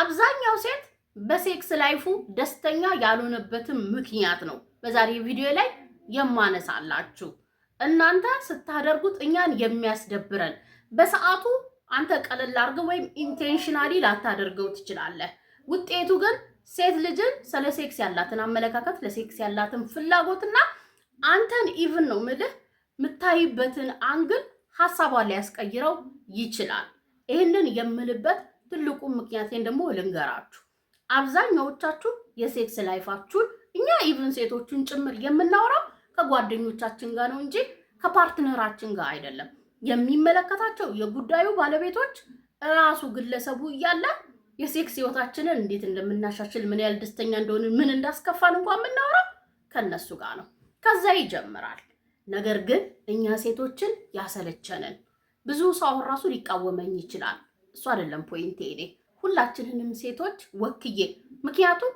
አብዛኛው ሴት በሴክስ ላይፉ ደስተኛ ያልሆነበትን ምክንያት ነው በዛሬ ቪዲዮ ላይ የማነሳላችሁ። እናንተ ስታደርጉት እኛን የሚያስደብረን በሰዓቱ አንተ ቀለል አድርገው ወይም ኢንቴንሽናሊ ላታደርገው ትችላለህ። ውጤቱ ግን ሴት ልጅን ስለ ሴክስ ያላትን አመለካከት፣ ለሴክስ ያላትን ፍላጎትና አንተን ኢቭን ነው ምልህ የምታይበትን አንግል ሀሳቧን ሊያስቀይረው ይችላል። ይህንን የምልበት ትልቁ ምክንያቴን ደግሞ ልንገራችሁ። አብዛኛዎቻችሁ የሴክስ ላይፋችሁን እኛ ኢቭን ሴቶችን ጭምር የምናወራው ከጓደኞቻችን ጋር ነው እንጂ ከፓርትነራችን ጋር አይደለም። የሚመለከታቸው የጉዳዩ ባለቤቶች ራሱ ግለሰቡ እያለ የሴክስ ህይወታችንን እንዴት እንደምናሻሽል፣ ምን ያህል ደስተኛ እንደሆነ ምን እንዳስከፋን እንኳን የምናወራው ከነሱ ጋር ነው። ከዛ ይጀምራል። ነገር ግን እኛ ሴቶችን ያሰለቸንን ብዙ ሰው ራሱ ሊቃወመኝ ይችላል። እሱ አይደለም ፖይንቴ። እኔ ሁላችንንም ሴቶች ወክዬ ምክንያቱም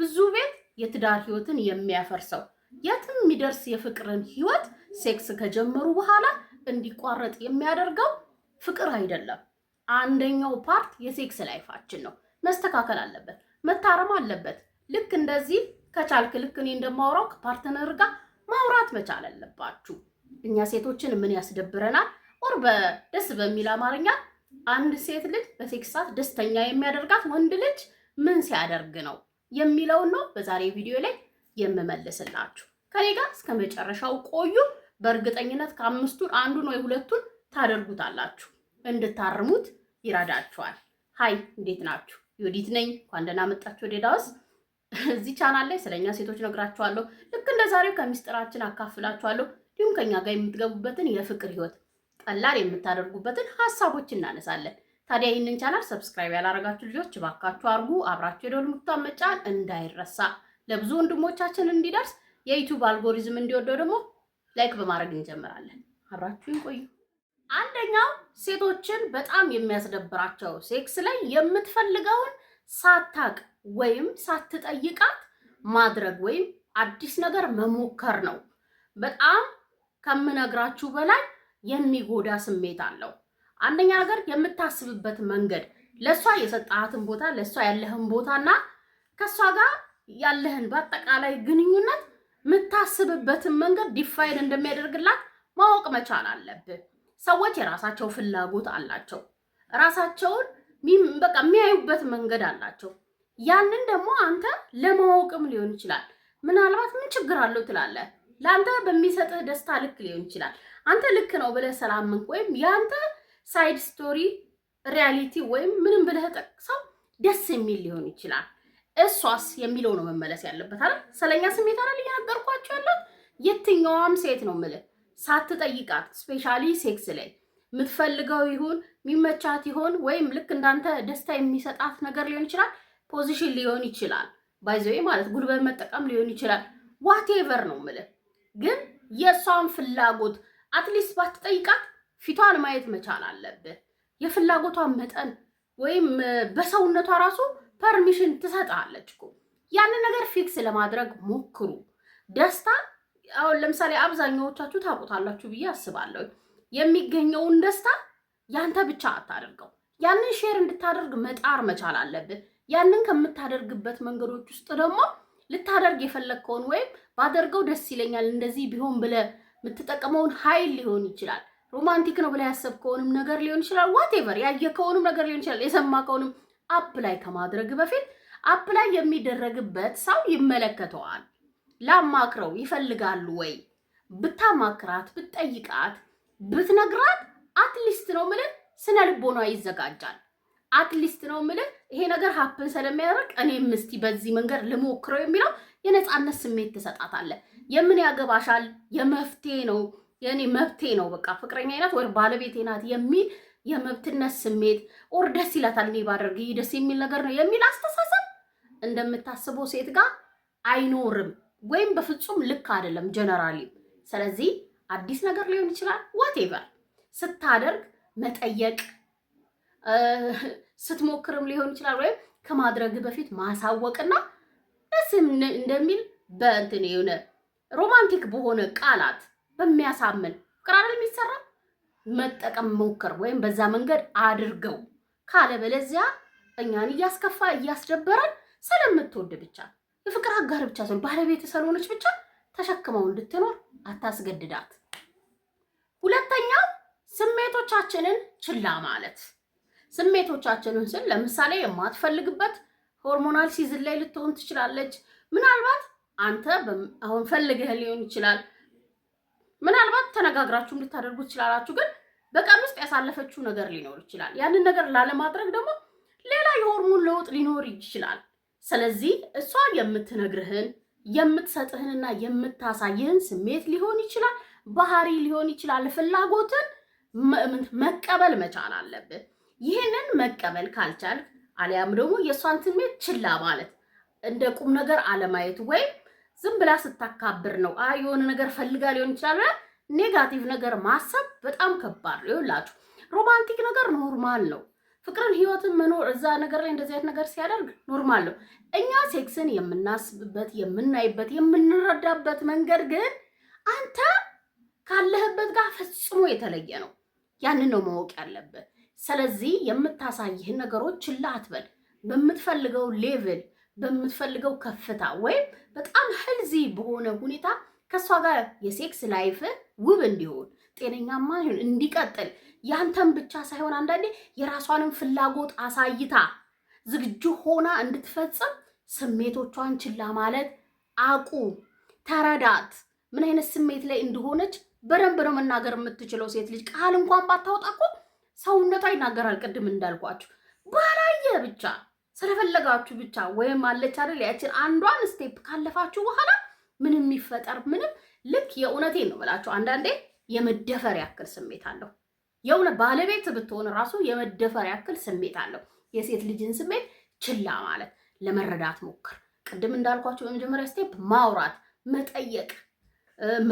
ብዙ ቤት የትዳር ህይወትን የሚያፈርሰው የትም የሚደርስ የፍቅርን ህይወት ሴክስ ከጀመሩ በኋላ እንዲቋረጥ የሚያደርገው ፍቅር አይደለም። አንደኛው ፓርት የሴክስ ላይፋችን ነው። መስተካከል አለበት፣ መታረም አለበት። ልክ እንደዚህ ከቻልክ ልክ እኔ እንደማውራው ከፓርትነር ጋር ማውራት መቻል አለባችሁ። እኛ ሴቶችን ምን ያስደብረናል? ወር በደስ በሚል አማርኛ አንድ ሴት ልጅ በሴክስ ሰዓት ደስተኛ የሚያደርጋት ወንድ ልጅ ምን ሲያደርግ ነው የሚለውን ነው በዛሬ ቪዲዮ ላይ የምመልስላችሁ። ከኔ ጋር እስከ መጨረሻው ቆዩ። በእርግጠኝነት ከአምስቱን አንዱን ወይ ሁለቱን ታደርጉታላችሁ። እንድታርሙት ይረዳችኋል። ሀይ፣ እንዴት ናችሁ? ዮዲት ነኝ። እንኳን ደህና መጣችሁ ወደ ዳውስ። እዚህ ቻናል ላይ ስለኛ ሴቶች ነግራችኋለሁ። ልክ እንደ ዛሬው ከሚስጥራችን አካፍላችኋለሁ። እንዲሁም ከኛ ጋር የምትገቡበትን የፍቅር ህይወት ቀላል የምታደርጉበትን ሀሳቦች እናነሳለን። ታዲያ ይህንን ቻናል ሰብስክራይብ ያላረጋችሁ ልጆች እባካችሁ አርጉ። አብራችሁ የደወል ምልክቱን መጫን እንዳይረሳ። ለብዙ ወንድሞቻችን እንዲደርስ የዩቱብ አልጎሪዝም እንዲወደው ደግሞ ላይክ በማድረግ እንጀምራለን። አብራችሁን ቆዩ። አንደኛው ሴቶችን በጣም የሚያስደብራቸው ሴክስ ላይ የምትፈልገውን ሳታቅ ወይም ሳትጠይቃት ማድረግ ወይም አዲስ ነገር መሞከር ነው። በጣም ከምነግራችሁ በላይ የሚጎዳ ስሜት አለው። አንደኛ ነገር የምታስብበት መንገድ ለእሷ የሰጣትን ቦታ ለእሷ ያለህን ቦታ እና ከእሷ ጋር ያለህን በአጠቃላይ ግንኙነት የምታስብበትን መንገድ ዲፋይን እንደሚያደርግላት ማወቅ መቻል አለብህ። ሰዎች የራሳቸው ፍላጎት አላቸው። ራሳቸውን በቃ የሚያዩበት መንገድ አላቸው። ያንን ደግሞ አንተ ለማወቅም ሊሆን ይችላል። ምናልባት ምን ችግር አለው ትላለህ። ለአንተ በሚሰጥህ ደስታ ልክ ሊሆን ይችላል። አንተ ልክ ነው ብለህ ስላመንክ ወይም የአንተ ሳይድ ስቶሪ ሪያሊቲ ወይም ምንም ብለህ ጠቅሰው ደስ የሚል ሊሆን ይችላል። እሷስ የሚለው ነው መመለስ ያለበት አይደል? ስለኛ ስሜት አይደል እየነገርኳቸው ያለው። የትኛዋም ሴት ነው የምልህ ሳትጠይቃት ስፔሻሊ ሴክስ ላይ የምትፈልገው ይሁን የሚመቻት ይሆን ወይም ልክ እንዳንተ ደስታ የሚሰጣት ነገር ሊሆን ይችላል። ፖዚሽን ሊሆን ይችላል። ባይዘዌ ማለት ጉልበት መጠቀም ሊሆን ይችላል። ዋቴቨር ነው ምልህ ግን የእሷን ፍላጎት አትሊስት ባትጠይቃት ፊቷን ማየት መቻል አለብህ። የፍላጎቷን መጠን ወይም በሰውነቷ ራሱ ፐርሚሽን ትሰጣለች እኮ። ያንን ነገር ፊክስ ለማድረግ ሞክሩ። ደስታ አሁን ለምሳሌ አብዛኛዎቻችሁ ታውቁታላችሁ ብዬ አስባለሁ። የሚገኘውን ደስታ ያንተ ብቻ አታደርገው። ያንን ሼር እንድታደርግ መጣር መቻል አለብህ። ያንን ከምታደርግበት መንገዶች ውስጥ ደግሞ ልታደርግ የፈለግከውን ወይም ባደርገው ደስ ይለኛል እንደዚህ ቢሆን ብለህ የምትጠቀመውን ኃይል ሊሆን ይችላል። ሮማንቲክ ነው ብላ ያሰብከውንም ነገር ሊሆን ይችላል። ዋቴቨር ያየከውንም ነገር ሊሆን ይችላል። የሰማከውንም አፕ ላይ ከማድረግ በፊት አፕ ላይ የሚደረግበት ሰው ይመለከተዋል። ላማክረው ይፈልጋሉ ወይ ብታማክራት፣ ብትጠይቃት፣ ብትነግራት አትሊስት ነው ምልህ ስነ ልቦና ይዘጋጃል። አትሊስት ነው ምልህ ይሄ ነገር ሀፕን ስለሚያደርግ እኔም እስቲ በዚህ መንገድ ልሞክረው የሚለው የነፃነት ስሜት ትሰጣታለህ። የምን ያገባሻል የመፍትሄ ነው የኔ መብቴ ነው በቃ ፍቅረኛ ናት ወይ ባለቤቴ ናት የሚል የመብትነት ስሜት ኦር ደስ ይላታል እኔ ባደርግ ይህ ደስ የሚል ነገር ነው የሚል አስተሳሰብ እንደምታስበው ሴት ጋር አይኖርም ወይም በፍጹም ልክ አይደለም ጀነራሊ። ስለዚህ አዲስ ነገር ሊሆን ይችላል ዋቴቨር ስታደርግ መጠየቅ ስትሞክርም ሊሆን ይችላል ወይም ከማድረግ በፊት ማሳወቅና ደስ እንደሚል በእንትን የሆነ ሮማንቲክ በሆነ ቃላት በሚያሳምን ፍቅር አይደል የሚሰራ መጠቀም ሞክር፣ ወይም በዛ መንገድ አድርገው። ካለበለዚያ እኛን እያስከፋ እያስደበረን ስለምትወድ ብቻ የፍቅር አጋር ብቻ ስለሆነ ባለቤት ስለሆነች ብቻ ተሸክመው እንድትኖር አታስገድዳት። ሁለተኛው ስሜቶቻችንን ችላ ማለት። ስሜቶቻችንን ስል ለምሳሌ የማትፈልግበት ሆርሞናል ሲዝን ላይ ልትሆን ትችላለች ምናልባት አንተ አሁን ፈልገህ ሊሆን ይችላል፣ ምናልባት ተነጋግራችሁ እንድታደርጉ ትችላላችሁ። ግን በቀን ውስጥ ያሳለፈችው ነገር ሊኖር ይችላል። ያንን ነገር ላለማድረግ ደግሞ ሌላ የሆርሞን ለውጥ ሊኖር ይችላል። ስለዚህ እሷ የምትነግርህን የምትሰጥህንና የምታሳይህን ስሜት ሊሆን ይችላል፣ ባህሪ ሊሆን ይችላል። ፍላጎትን መቀበል መቻል አለብህ። ይህንን መቀበል ካልቻልክ አሊያም ደግሞ የእሷን ስሜት ችላ ማለት እንደ ቁም ነገር አለማየት ወይም ዝም ብላ ስታካብር ነው። አይ የሆነ ነገር ፈልጋ ሊሆን ይችላል። ኔጋቲቭ ነገር ማሰብ በጣም ከባድ ነው። ይኸውላችሁ ሮማንቲክ ነገር ኖርማል ነው። ፍቅርን ህይወትን መኖር እዛ ነገር ላይ እንደዚህ አይነት ነገር ሲያደርግ ኖርማል ነው። እኛ ሴክስን የምናስብበት የምናይበት፣ የምንረዳበት መንገድ ግን አንተ ካለህበት ጋር ፈጽሞ የተለየ ነው። ያንን ነው ማወቅ ያለበት። ስለዚህ የምታሳይህን ነገሮች ችላ አትበል። በምትፈልገው ሌቭል በምትፈልገው ከፍታ ወይም በጣም ህልዚ በሆነ ሁኔታ ከእሷ ጋር የሴክስ ላይፍ ውብ እንዲሆን ጤነኛማ እንዲቀጥል ያንተን ብቻ ሳይሆን አንዳንዴ የራሷንም ፍላጎት አሳይታ ዝግጁ ሆና እንድትፈጽም ስሜቶቿን ችላ ማለት አቁ ተረዳት። ምን አይነት ስሜት ላይ እንደሆነች በደንብ ነው መናገር የምትችለው ሴት ልጅ። ቃል እንኳን ባታወጣ እኮ ሰውነቷ ይናገራል። ቅድም እንዳልኳችሁ ባላየ ብቻ ስለፈለጋችሁ ብቻ ወይም አለች አይደል ያችን አንዷን ስቴፕ ካለፋችሁ በኋላ ምንም የሚፈጠር ምንም ልክ የእውነቴ ነው ብላችሁ አንዳንዴ የመደፈር ያክል ስሜት አለው። የእውነት ባለቤት ብትሆን ራሱ የመደፈር ያክል ስሜት አለው። የሴት ልጅን ስሜት ችላ ማለት ለመረዳት ሞክር። ቅድም እንዳልኳችሁ በመጀመሪያ ስቴፕ ማውራት፣ መጠየቅ፣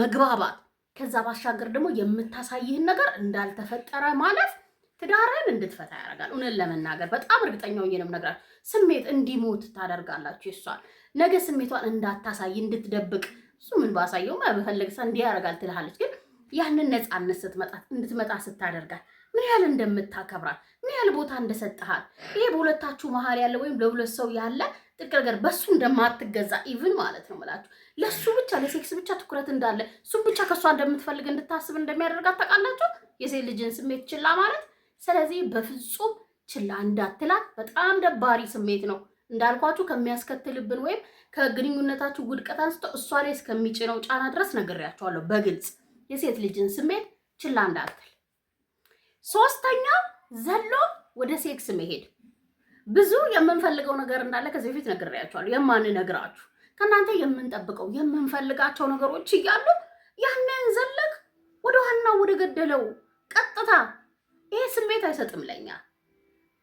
መግባባት ከዛ ባሻገር ደግሞ የምታሳይህን ነገር እንዳልተፈጠረ ማለት ትዳርን እንድትፈታ ያደርጋል። እውነት ለመናገር በጣም እርግጠኛ ሆኜ ነው የምነግራችሁ። ስሜት እንዲሞት ታደርጋላችሁ። ይሷል ነገ ስሜቷን እንዳታሳይ እንድትደብቅ እሱ ምን ባሳየው በፈለግ እንዲህ ያደርጋል ትልሃለች። ግን ያንን ነፃነት ስትመጣ እንድትመጣ ስታደርጋል ምን ያህል እንደምታከብራል ምን ያህል ቦታ እንደሰጠሃል ይሄ በሁለታችሁ መሀል ያለ ወይም ለሁለት ሰው ያለ ጥልቅ ነገር በሱ እንደማትገዛ ኢቭን ማለት ነው የምላችሁ ለሱ ብቻ ለሴክስ ብቻ ትኩረት እንዳለ እሱም ብቻ ከእሷ እንደምትፈልግ እንድታስብ እንደሚያደርጋት ታውቃላችሁ። የሴት ልጅን ስሜት ችላ ማለት ስለዚህ በፍጹም ችላ እንዳትላት። በጣም ደባሪ ስሜት ነው እንዳልኳችሁ ከሚያስከትልብን ወይም ከግንኙነታችሁ ውድቀት አንስቶ እሷ ላይ እስከሚጭነው ጫና ድረስ ነግሬያችኋለሁ በግልጽ የሴት ልጅን ስሜት ችላ እንዳትል። ሶስተኛ ዘሎ ወደ ሴክስ መሄድ። ብዙ የምንፈልገው ነገር እንዳለ ከዚህ በፊት ነግሬያችኋለሁ። የማንነግራችሁ ከእናንተ የምንጠብቀው የምንፈልጋቸው ነገሮች እያሉ ያንን ዘለቅ ወደ ዋናው ወደ ገደለው ቀጥታ ስሜት አይሰጥም ለኛ።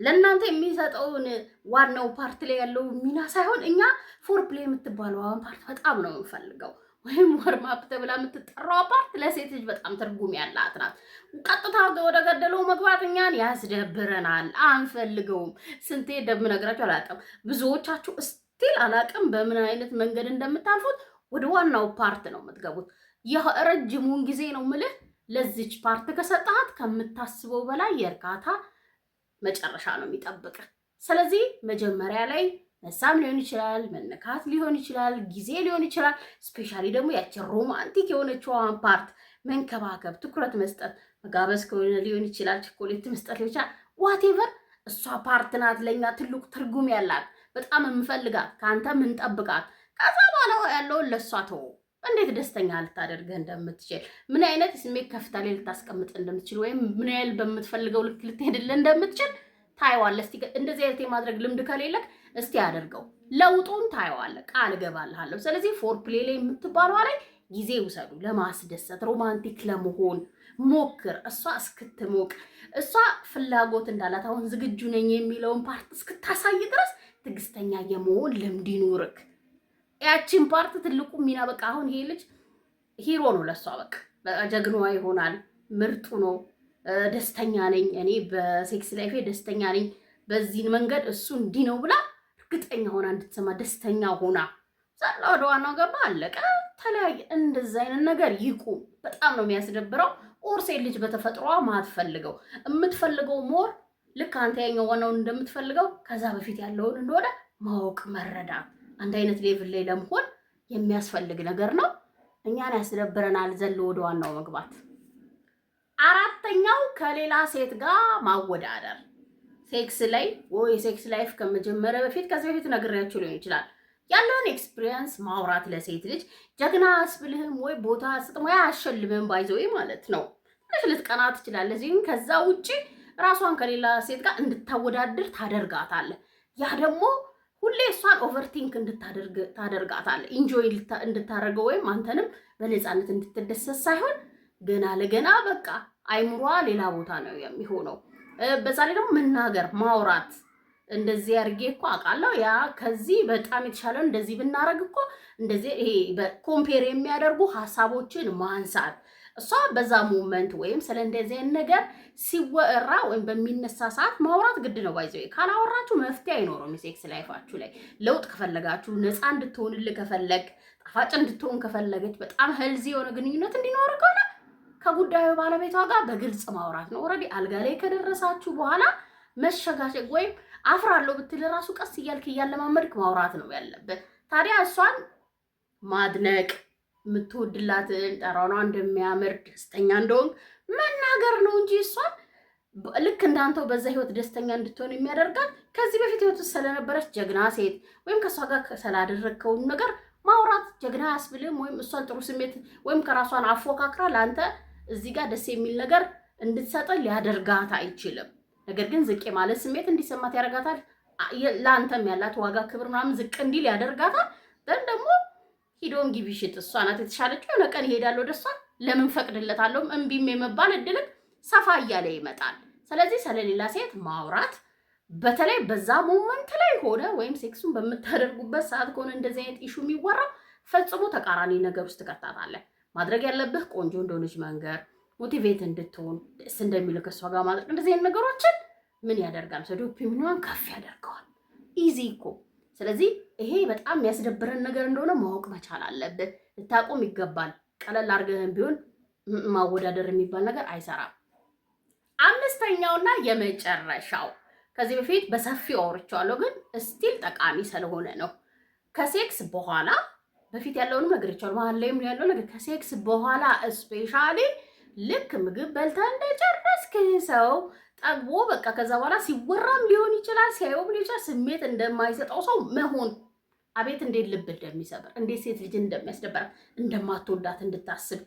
ለእናንተ የሚሰጠውን ዋናው ፓርት ላይ ያለው ሚና ሳይሆን እኛ ፎር የምትባለው አሁን ፓርት በጣም ነው የምንፈልገው። ወይም ወርማፕ ተብላ የምትጠራው ፓርት ለሴት ልጅ በጣም ትርጉም ያላት ናት። ቀጥታ ወደ ገደለው መግባት እኛን ያስደብረናል፣ አንፈልገውም። ስንቴ እንደምነግራችሁ አላውቅም። ብዙዎቻችሁ ስቲል አላውቅም በምን አይነት መንገድ እንደምታልፉት። ወደ ዋናው ፓርት ነው የምትገቡት። የረጅሙን ጊዜ ነው ምልህ ለዚች ፓርት ከሰጣት ከምታስበው በላይ የእርካታ መጨረሻ ነው የሚጠብቅ። ስለዚህ መጀመሪያ ላይ መሳም ሊሆን ይችላል፣ መነካት ሊሆን ይችላል፣ ጊዜ ሊሆን ይችላል። ስፔሻሊ ደግሞ ያቺ ሮማንቲክ የሆነችዋን ፓርት መንከባከብ፣ ትኩረት መስጠት፣ መጋበዝ ከሆነ ሊሆን ይችላል፣ ቸኮሌት መስጠት ሊሆን ይችላል። ዋቴቨር እሷ ፓርት ናት ለእኛ ትልቁ ትርጉም ያላት በጣም የምፈልጋት ከአንተ ምንጠብቃት። ከዛ ባለው ያለውን ለእሷ ተወው። እንዴት ደስተኛ ልታደርግህ እንደምትችል ምን አይነት ስሜት ከፍታ ላይ ልታስቀምጥ እንደምትችል ወይም ምን ያህል በምትፈልገው ልክ ልትሄድልህ እንደምትችል ታየዋለህ። እስቲ እንደዚህ አይነት የማድረግ ልምድ ከሌለህ እስቲ ያደርገው ለውጡን ታየዋለህ። ቃል እገባልሃለሁ። ስለዚህ ፎርፕሌ ላይ የምትባለዋ ላይ ጊዜ ውሰዱ። ለማስደሰት ሮማንቲክ ለመሆን ሞክር። እሷ እስክትሞቅ እሷ ፍላጎት እንዳላት አሁን ዝግጁ ነኝ የሚለውን ፓርት እስክታሳይ ድረስ ትዕግስተኛ የመሆን ልምድ ይኑርክ። ያቺን ፓርት ትልቁ ሚና በቃ አሁን ይሄ ልጅ ሂሮ ነው ለሷ። በቃ ጀግናዋ ይሆናል። ምርጡ ነው። ደስተኛ ነኝ እኔ በሴክስ ላይፌ ደስተኛ ነኝ፣ በዚህ መንገድ እሱ እንዲህ ነው ብላ እርግጠኛ ሆና እንድትሰማ ደስተኛ ሆና ዛላ ወደ ዋናው ገባ፣ አለቀ፣ ተለያየ። እንደዚ አይነት ነገር ይቁም። በጣም ነው የሚያስደብረው። ኦርሴ ልጅ በተፈጥሯ ማትፈልገው የምትፈልገው ሞር ልክ አንተ ያኛው ዋናውን እንደምትፈልገው ከዛ በፊት ያለውን እንደሆነ ማወቅ መረዳት አንድ አይነት ሌቭል ላይ ለመሆን የሚያስፈልግ ነገር ነው። እኛን ያስደብረናል ዘል ወደ ዋናው መግባት። አራተኛው ከሌላ ሴት ጋር ማወዳደር ሴክስ ላይ ወይ ሴክስ ላይፍ ከመጀመረ በፊት ከዚህ በፊት ነግሬያችሁ ሊሆን ይችላል ያለውን ኤክስፒሪየንስ ማውራት ለሴት ልጅ ጀግና አስብልህም ወይ ቦታ ስጥሞ አያሸልምህም ባይዘወይ ማለት ነው። ትንሽ ልትቀና ትችላለህ። እዚህም ከዛ ውጭ ራሷን ከሌላ ሴት ጋር እንድታወዳድር ታደርጋታለህ። ያ ደግሞ ሁሌ እሷን ኦቨርቲንክ እንድታደርግ ታደርጋታለህ። ኢንጆይ እንድታደርገው ወይም አንተንም በነፃነት እንድትደሰት ሳይሆን ገና ለገና በቃ አይምሯ ሌላ ቦታ ነው የሚሆነው። በዛ ላይ ደግሞ መናገር ማውራት እንደዚህ አድርጌ እኮ አውቃለሁ፣ ያ ከዚህ በጣም የተሻለው እንደዚህ ብናደርግ እኮ እንደዚህ ይሄ ኮምፔር የሚያደርጉ ሀሳቦችን ማንሳት እሷ በዛ ሞመንት ወይም ስለ እንደዚህ አይነት ነገር ሲወራ ወይም በሚነሳ ሰዓት ማውራት ግድ ነው። ባይዘ ካላወራችሁ መፍትሄ አይኖረም። የሴክስ ላይፋችሁ ላይ ለውጥ ከፈለጋችሁ፣ ነፃ እንድትሆንልህ ከፈለግ፣ ጣፋጭ እንድትሆን ከፈለገች፣ በጣም ህልዚ የሆነ ግንኙነት እንዲኖር ከሆነ ከጉዳዩ ባለቤቷ ጋር በግልጽ ማውራት ነው። ኦልሬዲ አልጋ ላይ ከደረሳችሁ በኋላ መሸጋሸግ ወይም አፍራለሁ ብትል ራሱ ቀስ እያልክ እያለማመድክ ማውራት ነው ያለበት። ታዲያ እሷን ማድነቅ የምትወድላትን ጠራኗ እንደሚያምር ደስተኛ እንደሆን መናገር ነው እንጂ እሷን ልክ እንዳንተው በዛ ህይወት ደስተኛ እንድትሆን የሚያደርጋት ከዚህ በፊት ህይወት ውስጥ ስለነበረች ጀግና ሴት ወይም ከእሷ ጋር ስላደረግከውን ነገር ማውራት ጀግና አያስብልም። ወይም እሷን ጥሩ ስሜት ወይም ከራሷን አፎካክራ ለአንተ እዚህ ጋር ደስ የሚል ነገር እንድትሰጥ ሊያደርጋት አይችልም። ነገር ግን ዝቅ ማለት ስሜት እንዲሰማት ያደርጋታል። ለአንተም ያላት ዋጋ ክብር ምናምን ዝቅ እንዲል ያደርጋታል። ደን ደግሞ ሂዶን ግቢ ሽጥ እሷ ናት የተሻለችው። የሆነ ቀን ይሄዳለሁ ወደ እሷ ለምን ፈቅድለታለሁም እምቢም የመባል እድልም ሰፋ እያለ ይመጣል። ስለዚህ ስለሌላ ሴት ማውራት በተለይ በዛ ሞመንት ላይ ሆነ ወይም ሴክሱን በምታደርጉበት ሰዓት ከሆነ እንደዚህ አይነት ኢሹ የሚወራ ፈጽሞ ተቃራኒ ነገር ውስጥ ትቀጣታለህ። ማድረግ ያለብህ ቆንጆ እንደሆነች መንገር፣ ሞቲቬት እንድትሆን ደስ እንደሚልክ እሷ ጋር ማድረግ እንደዚህ አይነት ነገሮችን ምን ያደርጋል ሰው ዶፓሚኗን ከፍ ያደርገዋል። ኢዚ እኮ ስለዚህ ይሄ በጣም የሚያስደብረን ነገር እንደሆነ ማወቅ መቻል አለብን፣ ልታቆም ይገባል። ቀለል አድርገህን ቢሆን ማወዳደር የሚባል ነገር አይሰራም። አምስተኛውና የመጨረሻው ከዚህ በፊት በሰፊው አውርቼዋለሁ፣ ግን እስቲል ጠቃሚ ስለሆነ ነው። ከሴክስ በኋላ በፊት ያለውን ነገር ይቻል መሀል ላይም ያለው ነገር ከሴክስ በኋላ ስፔሻሊ ልክ ምግብ በልተህ እንደጨረስክ ሰው ጠግቦ በቃ ከዛ በኋላ ሲወራም ሊሆን ይችላል ሲያየውም ሊሆን ይችላል ስሜት እንደማይሰጠው ሰው መሆን አቤት እንዴት ልብ እንደሚሰብር እንዴት ሴት ልጅ እንደሚያስደበራ እንደማትወዳት እንድታስብ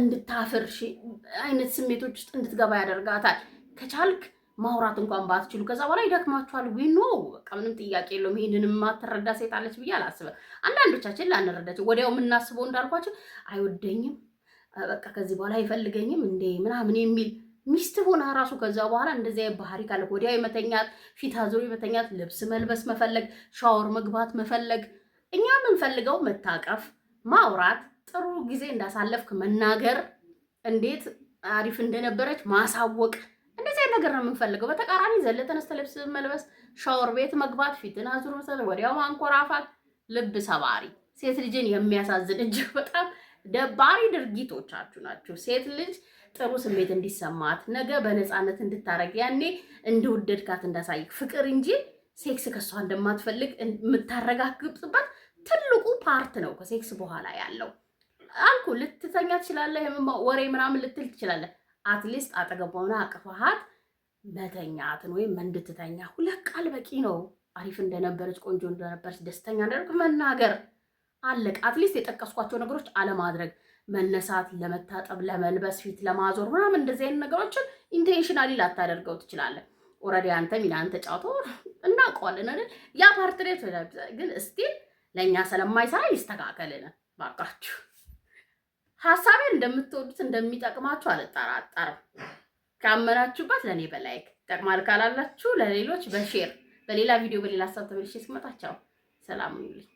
እንድታፍር አይነት ስሜቶች ውስጥ እንድትገባ ያደርጋታል። ከቻልክ ማውራት እንኳን ባትችሉ ከዛ በኋላ ይደክማችኋል። ዊኖ በቃ ምንም ጥያቄ የለውም። ይህንን የማትረዳ ሴት አለች ብዬ አላስብም። አንዳንዶቻችን ላንረዳቸው ወዲያው የምናስበው እንዳልኳቸው አይወደኝም፣ በቃ ከዚህ በኋላ አይፈልገኝም እንዴ ምናምን የሚል ሚስት ሆና ራሱ ከዛ በኋላ እንደዚያ ባህሪ ካለ ወዲያ የመተኛት ፊት አዙሮ የመተኛት ልብስ መልበስ መፈለግ፣ ሻወር መግባት መፈለግ። እኛ የምንፈልገው መታቀፍ፣ ማውራት፣ ጥሩ ጊዜ እንዳሳለፍክ መናገር፣ እንዴት አሪፍ እንደነበረች ማሳወቅ እንደዚህ አይነት ነገር ነው የምንፈልገው። በተቃራኒ ዘለ ተነስተ ልብስ መልበስ፣ ሻወር ቤት መግባት፣ ፊትን አዙሮ ወዲያው ማንኮራፋት፣ ልብ ሰባሪ፣ ሴት ልጅን የሚያሳዝን እጅግ በጣም ደባሪ ድርጊቶቻችሁ ናቸው። ሴት ልጅ ጥሩ ስሜት እንዲሰማት ነገ በነፃነት እንድታረግ ያኔ እንደወደድካት እንዳሳይክ ፍቅር እንጂ ሴክስ ከእሷ እንደማትፈልግ የምታረጋግጥበት ትልቁ ፓርት ነው። ከሴክስ በኋላ ያለው አልኩ ልትተኛ ትችላለህ፣ ወሬ ምናምን ልትል ትችላለህ። አትሊስት አጠገቧና አቅፋሃት መተኛትን ወይም እንድትተኛ ሁለት ቃል በቂ ነው። አሪፍ እንደነበረች ቆንጆ እንደነበረች ደስተኛ እንደነበረች መናገር አለቅ። አትሊስት የጠቀስኳቸው ነገሮች አለማድረግ መነሳት፣ ለመታጠብ፣ ለመልበስ፣ ፊት ለማዞር ምናምን እንደዚህ አይነት ነገሮችን ኢንቴንሽናሊ ላታደርገው ትችላለህ። ኦልሬዲ አንተ ሚናን ተጫውቶ እናውቀዋለን አይደል? ያ ፓርትሬት ግን እስቲል ለእኛ ስለማይሰራ ይስተካከልን ባቃችሁ። ሀሳቤን እንደምትወዱት እንደሚጠቅማችሁ አልጠራጠርም። ካመናችሁበት ለእኔ በላይክ ጠቅማል፣ ካላላችሁ ለሌሎች በሼር በሌላ ቪዲዮ በሌላ ሀሳብ ተመልሼ ስመጣ ሰላም ይሁን።